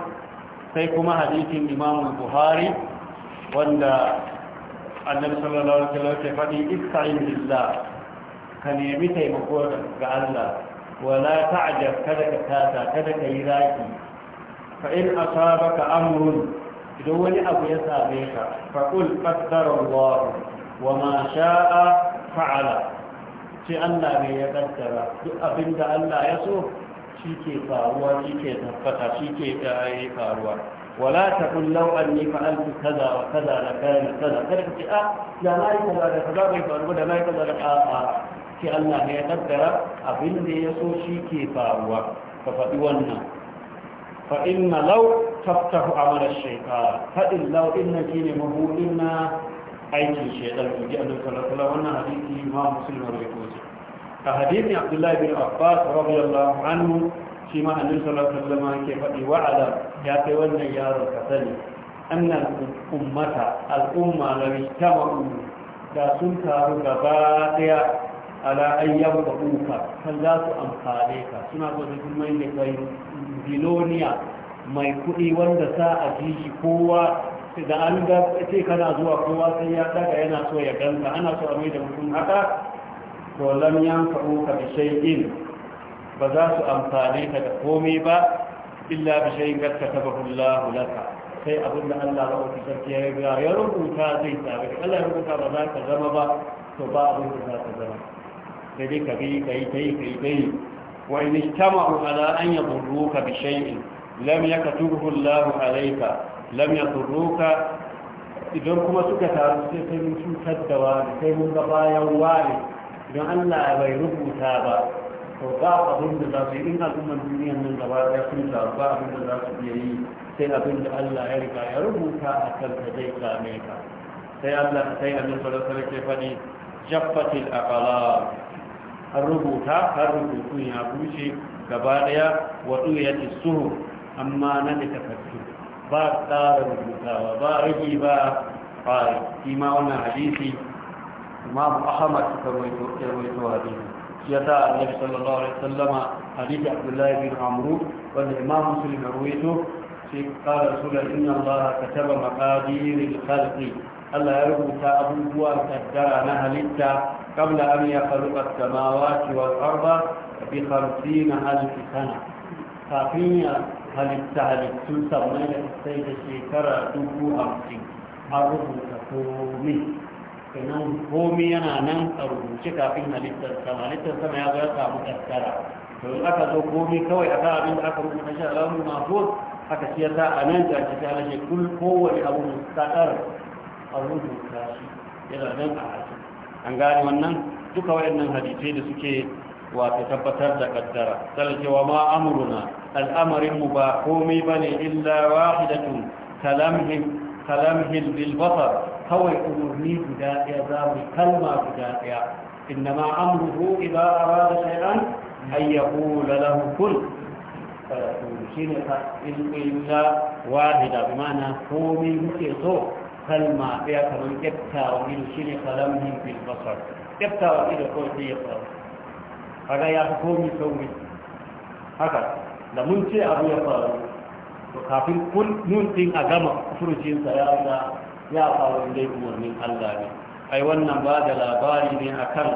sai kuma hadisin Imam Buhari wanda Annabi sallallahu alaihi wasallam ya faɗi ista'in billah ka nemi taimako ga Allah wala ta'jab kada ka tata kada ka yi raki fa in asabaka amrun idan wani abu ya same ka faƙul ƙaddar Allah wa ma sha'a fa'ala ce Allah ne ya ƙaddara duk abinda Allah ya so shi ke faruwa shi ke tabbata shi ke yi faruwa wala ta kullau an ni fa'altu kaza wa kaza da kayan kaza kada ka ce ah, a ya na kaza da kaza bai faru da na kaza da a'a ki Allah ne ya kaddara abin da ya so shi ke faruwa ka faɗi wannan fa inna law taftahu amala shaytan fa in law inna kine na aikin shaytan ji annabi sallallahu alaihi wasallam wannan hadisi ma muslim rawaito a hadisin abdullahi bin abbas radiyallahu anhu shi ma annabi sallallahu alaihi wasallam ke faɗi wa'ada ya kai wannan yaron ka sani annal ummata al'umma la yajma'u da sun taru gaba daya ala ayyamu da kan za su amfane ka suna so su mai da kai mai kuɗi wanda sa a ji kowa da an ga ce kana zuwa kowa sai ya daga yana so ya ganka ana so a mai da mutum haka to lam yanfa'uka bi shay'in ba za su amfane ka da komai ba illa bi shay'in qad katabahu Allah laka sai abin da Allah ba ku sarki ya riga ya rubuta zai tabi Allah ya rubuta ba za ka zama ba to ba abin da za ka zama sai dai ka bi kai kai kai kai wa in ijtama'u ala an yadurruka bi shay'in lam yakatubuhu Allah alayka lam yadurruka idan kuma suka taru sai sai mun cutar da wani sai mun ga bayan wani don Allah bai rubuta ba to ba abin da za su yi in al'ummar duniyar nan gaba ya sun taru ba abin da za su iya yi sai abin da Allah ya riga ya rubuta a kan ta zai same ka sai Allah sai annabi sallallahu alaihi wasallam ke faɗi jaffatil aqala an rubuta har rubutun ya bushe gaba ɗaya wa ɗuyati suhu amma na da takardu ba tsara rubutawa ba rage ba fari shi ma wannan hadisi امام احمد فرمويته هذه جاء النبي صلى الله عليه وسلم حديث عبد الله بن عمرو والامام مسلم رويته في قال رسول الله ان الله كتب مقادير الخلق الا يربط ابو بوان كدر نهلتا قبل ان يخلق السماوات والارض في خمسين الف سنه فاقيني هل التهل السلسة من السيدة شكرة تبوها مسيح أربو تقومي sannan komi yana nan a rubuce kafin halittar sama halittar sama ya zo ya samu kaskara to in aka zo komi kawai a kan abin da aka rubuta shi alamu alamun mahfuz aka ciyar ta a nan ga shi ta halashe kul kowane abu mustaqar a rubuta shi yana nan a harshe an gane wannan duka wayannan hadisai da suke wato tabbatar da kaddara salkewa ma amuruna al'amarin mu ba komai bane illa wahidatun kalamhin kalamhin bil basar kawai umarni guda ɗaya za mu kalma guda ɗaya innama amruhu idza arada shay'an ay yaqula lahu kun fayakun shine fa illa wahida bi ma'ana komai muke so kalma ɗaya kamar kyaftawa ido shine kalamhin bil basar kyaftawa ido kawai sai ya faru kaga ya fi komai sauri haka da mun ce abu ya faru to kafin kun nun din a gama furucinsa ya riga ya faru dai umarnin Allah ne ai wannan ba da labari ne akan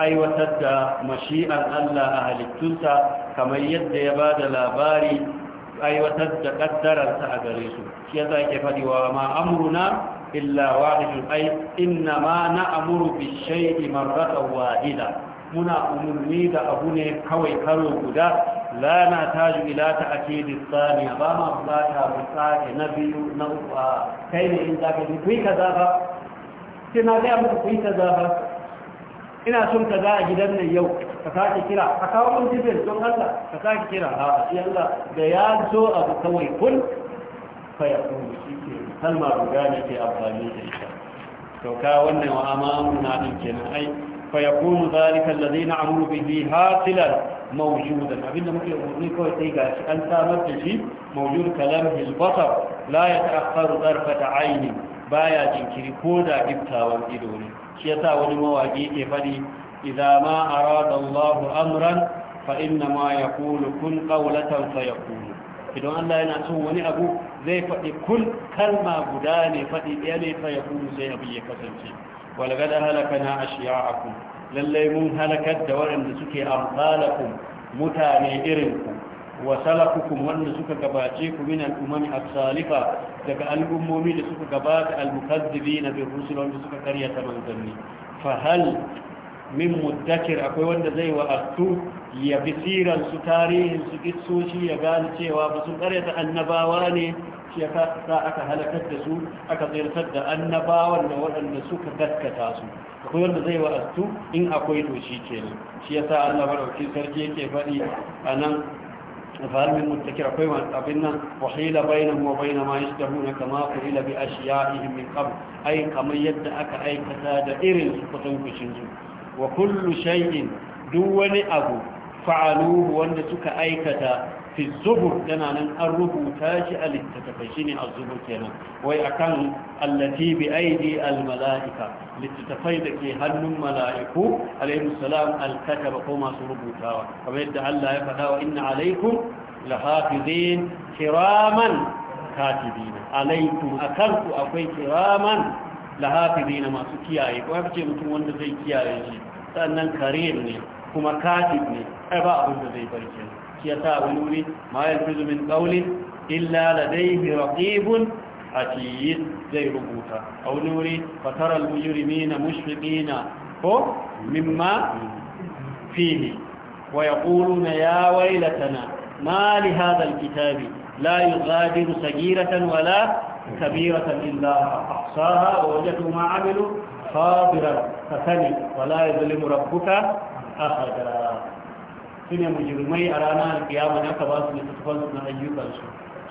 aiwatar da mashi'ar Allah a halittunsa kamar yadda ya ba da labari aiwatar da kaddararsa a gare su shi yasa yake wa ma amruna illa wahidun ai inna ma na'muru bi shay'in marratan wahida muna umurni da abu ne kawai karo guda la na taju ila ta akidi tsani ba ma bukata mu tsake na biyu na uku a kai ne in zaka ji kuyi kaza ina son kaza a gidan nan yau ka sake kira a kawo mun jibin don Allah ka sake kira a shi da ya zo abu kawai kun fa ya kuma shi ke kalmar guda ne ke amfani da ita to ka wannan wa na din ai فيكون ذلك الذي نعمل به هاتلا موجودا أبدا مكي أمرني كويتي قاسي أنت مرتشي موجود كلامه البصر لا يتأخر طرفة عين بايا جنكري كودا جبتا والإدوني شيطا ولمواجي كفدي إذا ما أراد الله أمرا فإنما يقول كن قولة فيقول idan Allah yana son wani abu zai faɗi kul kalma guda ne faɗi ɗaya ne fa ya kuma sai abin ya kasance walgada halakana a shiya'akun lallai mun halakar da waɗanda suke amsalakun mutane irinku wa salakukum wanda suka gabace ku min al'umami a salifa daga al'ummomi da suka gabata al na bin rusul wanda suka karyata manzanni fahal min muddakir akwai wanda zai wa'attu ya bi siran su tarihin su kissoshi ya gane cewa ba su karyata annabawa ne shi ya aka halakar da su aka zirtar da annabawan da waɗanda suka gaskata su akwai wanda zai wa'astu in akwai to shi ke ne shi ya sa annabar wakil sarki yake faɗi a nan a falmin mutakir akwai abin nan wahila bayanan wa bayanan ma shi da huna kama ku ila bi a shi ya ihin min kabu ai kamar yadda aka aikata da irin su kusan kushin su wa kullu shayin duk wani abu fa'aluhu wanda suka aikata fi zubur yana nan an rubuta shi a littattafai shi ne a zubur kenan wai akan allati bi aidi almala'ika littattafai da ke hannun mala'iku alaihi salam alkataba ko masu rubutawa kamar yadda Allah ya faɗa wa inna alaikum lahafizin kiraman katibina alaikum akan ku akwai kiraman lahafizina masu kiyaye ko ya ce mutum wanda zai kiyaye shi sannan karir ne kuma katib ne ai ba abin da zai barke يتاولون ما يلفز من قول إلا لديه رقيب أتيين زي ربوتا أو نوري فترى المجرمين مشفقين مما فيه ويقولون يا ويلتنا ما لهذا الكتاب لا يغادر سجيرة ولا كبيرة إلا أحصاها ووجدوا ما عملوا صابرا فسلم ولا يظلم ربك أحدا su ne mujirmai a ranar kiyama na aka ba su littattafan su na ayyukansu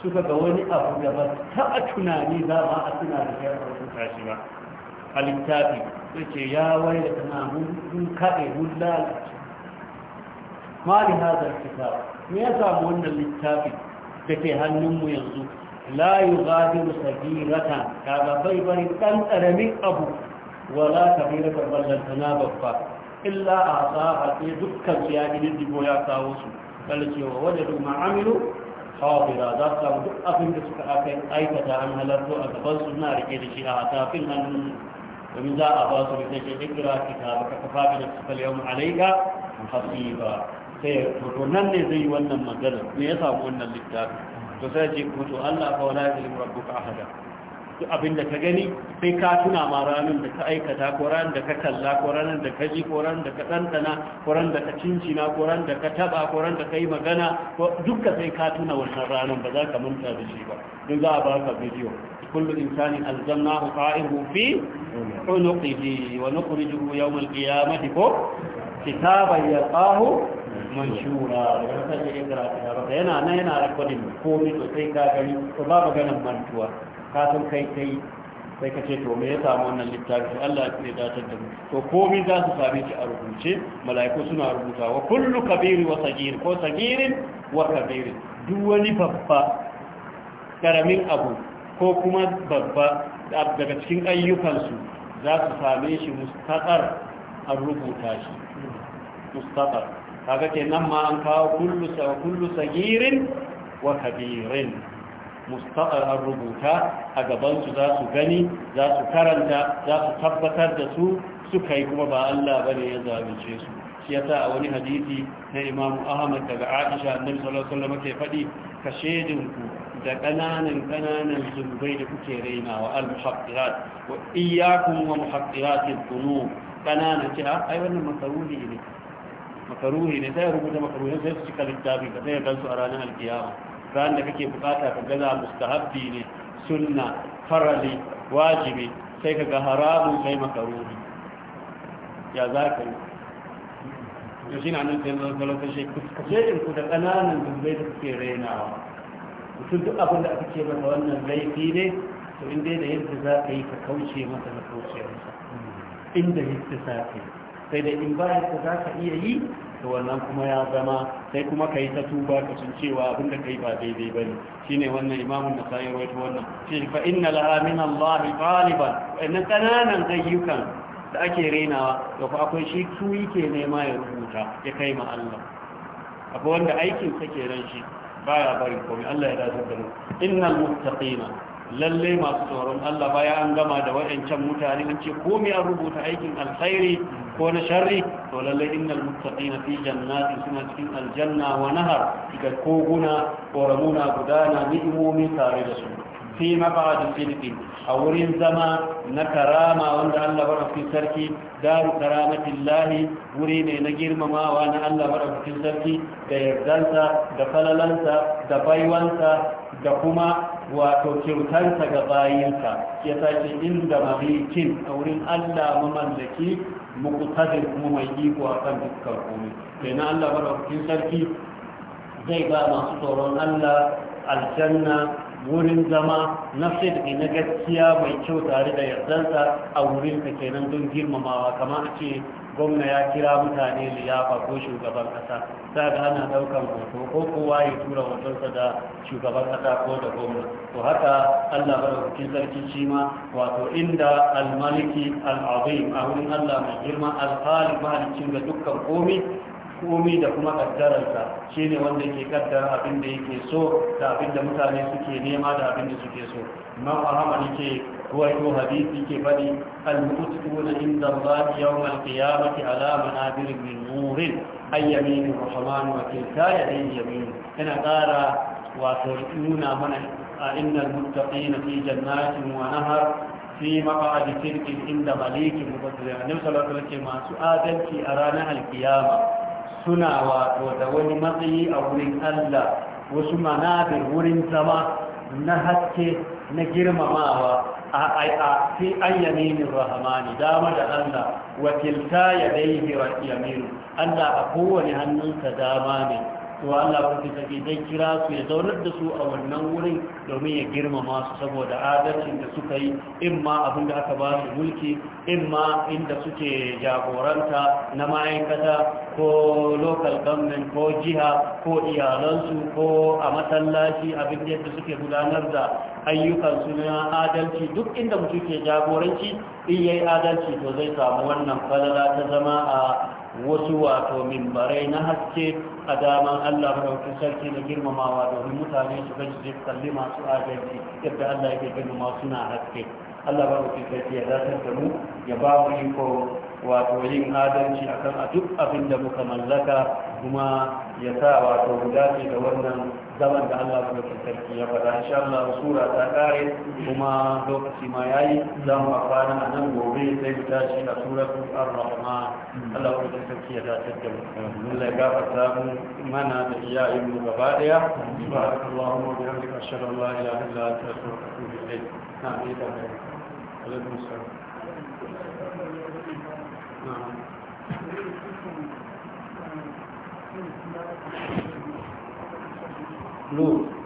suka ga wani abu da ba ta a tunani za a suna da ya rubuta shi ba a littafi sai ce ya waye da tana mun kaɗe mun lalace ma da hazar kitab me ya samu wannan littafi da ke hannunmu yanzu la yi zaɗi ta ga bai bai ɗan ƙaramin abu wala kabiratan ballantana babba illa a tsaha sai dukkan su ya gidin digo ya kawo su kala cewa wajen ruma amilu hawabira za su samu duk abin da suka aka aikata an halarto a gaban su na rike da shi a hatafin hannun domin za a ba su da shi ikira kita baka kafa da su kalyawun alaika ba. sai to nan ne zai yi wannan magana me ya samu wannan littafi to sai ce kuma to Allah fa wala ilaha illa ka hada. abin da ka gani sai ka tuna ma ranar da ka aikata ko ranar da ka kalla ko ranar da ka ji ko ranar da ka ɗanɗana ko ranar da ka cincina ko ranar da ka taɓa ko ranar da ka yi magana duka sai ka tuna wannan ranar ba za ka manta da shi ba don za a ba ka bidiyo kullu insani alzamnahu qa'ihu fi unuqihi wa nukhrijuhu yawm al-qiyamati ko kitaban yaqahu manshura daga sai ya kira ta yana nan yana recording komai to sai ka gani to ba maganar mantuwa ka kai kai sai ka ce to me ya samu wannan littafi Allah ya datar da mu to komai za su same shi a rubuce mala'iku suna rubuta wa kullu kabiri wa sagiri ko sagiri wa kabiri duk wani babba karamin abu ko kuma babba daga cikin su za su same shi mustaqar an rubuta shi mustaqar kaga kenan ma an kawo kullu sa kullu sagirin wa kabirin mustaqar rubuta a gabansu za su gani za su karanta za su tabbatar da su su kai, kuma ba Allah bane ya zalunce su shi yasa a wani hadisi na Imam Ahmad daga Aisha annabi sallallahu alaihi wasallam ke faɗi ka shedinku da ƙananan ƙananan zunubai da kuke raina wa al-muhaqqirat wa iyyakum wa muhaqqiratil dhunub ƙananan ce ah, ai wannan makaruni ne makaruhi ne sai rubuta makaruhi sai su cika littafi ka sai gansu a ranar alkiyama ran da kake bukata ka gaza mustahabbi ne sunna farali wajibi sai ka ga haramun sai makaruri ya za ka yi to shi na nan sai zan zalo kashe kuskace in ku da ƙananan dubbai da suke rainawa mutum duk abin da aka ce masa wannan laifi ne to in dai da yadda za ka yi ka kauce masa na kauce masa inda yadda za ka yi sai da in ba yadda za ka iya yi to wannan kuma ya zama sai kuma ka yi ta tuba ka cin cewa abin da ka yi ba daidai ba ne shi ne wannan imamun da sayi rawaito wannan shi fa inna laha min Allah ghaliban wannan kananan ayyukan da ake renawa to fa akwai shi tuyi ke nema ya rubuta ya kai ma Allah akwai wanda aikin sa ke ran shi baya bari komai Allah ya dace da mu innal muttaqina lalle masu tsoron Allah baya an gama da waɗancan mutane an ce ko an rubuta aikin alkhairi ko na sharri to lalle innal muttaqina fi jannatin suna cikin aljanna wa nahar ga koguna koramuna gudana ni'imomi tare da su fi maqadi sidqi a wurin zama na karama wanda Allah barafin sarki daru karamatin lahi wuri ne na girmamawa na Allah barafin sarki da yardansa da falalansa da baiwansa da kuma wato kyautarsa ga bayinsa ya sace inda mamikin a wurin Allah mamallaki tazir kuma mai iko a kan dukkan komai kenan Allah madaukakin sarki zai ba masu tsoron Allah aljanna wurin zama na sirri na gaskiya mai kyau tare da yardansa a wurin ka kenan don girmamawa kamar a ce gwamna ya kira mutane liyafa ko shugaban kasa ta ga ana daukan hoto ko kowa ya tura hotonsa da shugaban kasa ko da gwamna to haka allah hukin sarki shi ma wato inda almaliki al'azim a wurin allah mai girma alfali mahalicin ga dukkan komi komi da kuma kaddararsa shi ne wanda ke kaddara abin da yake so da abin da mutane suke nema da abin da suke so imam ahmad yake ruwaito hadisi ke faɗi al-mu'tuna inda Allah yawm al-qiyamati ala manabir min nurin ay yamin rahman wa tilka yadin yamin yana ƙara wato nuna mana a innal muttaqina fi jannatin wa nahar fi maq'adi sirqin inda malikin muqaddir annabi sallallahu alaihi masu adalci a ranar alkiyama. suna wato da wani matsayi a wurin Allah wasu manabir wurin zama na haske na girmamawa a fi an yaminin rahamani dama da Allah wakilta ya daihi yaminu Allah a kowane hannunsa dama ne to Allah kisa ke zai kira su ya zaunar da su a wannan wurin domin ya girmama su saboda adalcin da suka yi in ma abin da aka ba su mulki in ma inda suke jagoranta na ma'aikata ko local government ko jiha ko iyalansu ko a masallaci abin da suke gudanar da ayyukansu na adalci duk inda mutum ke jagoranci in yayi adalci to zai samu wannan falala ta zama a wasu wato mimbarai na haske a daman Allah maraukin sarki na girmamawa domin mutane su gaji kalli masu adalci yadda Allah yake girmama suna haske Allah ba mu cikin ya zatar da mu ya ba mu iko wato yin adalci akan a duk abin da muka mallaka kuma ya sa wato guda ce da wannan zaman da Allah ba mu sarki ya faɗa insha Allah sura ta kare kuma lokaci ma yayi za mu fara a nan gobe sai mu tashi a suratu ar-rahman Allah ba mu sarki ya zatar da mu mun la gafarta mu mana da iyayen mu gaba daya subhanakallahumma wa bihamdika ashhadu an la ilaha illa anta astaghfiruka wa atubu ilayk na mai alaikum salam Lord.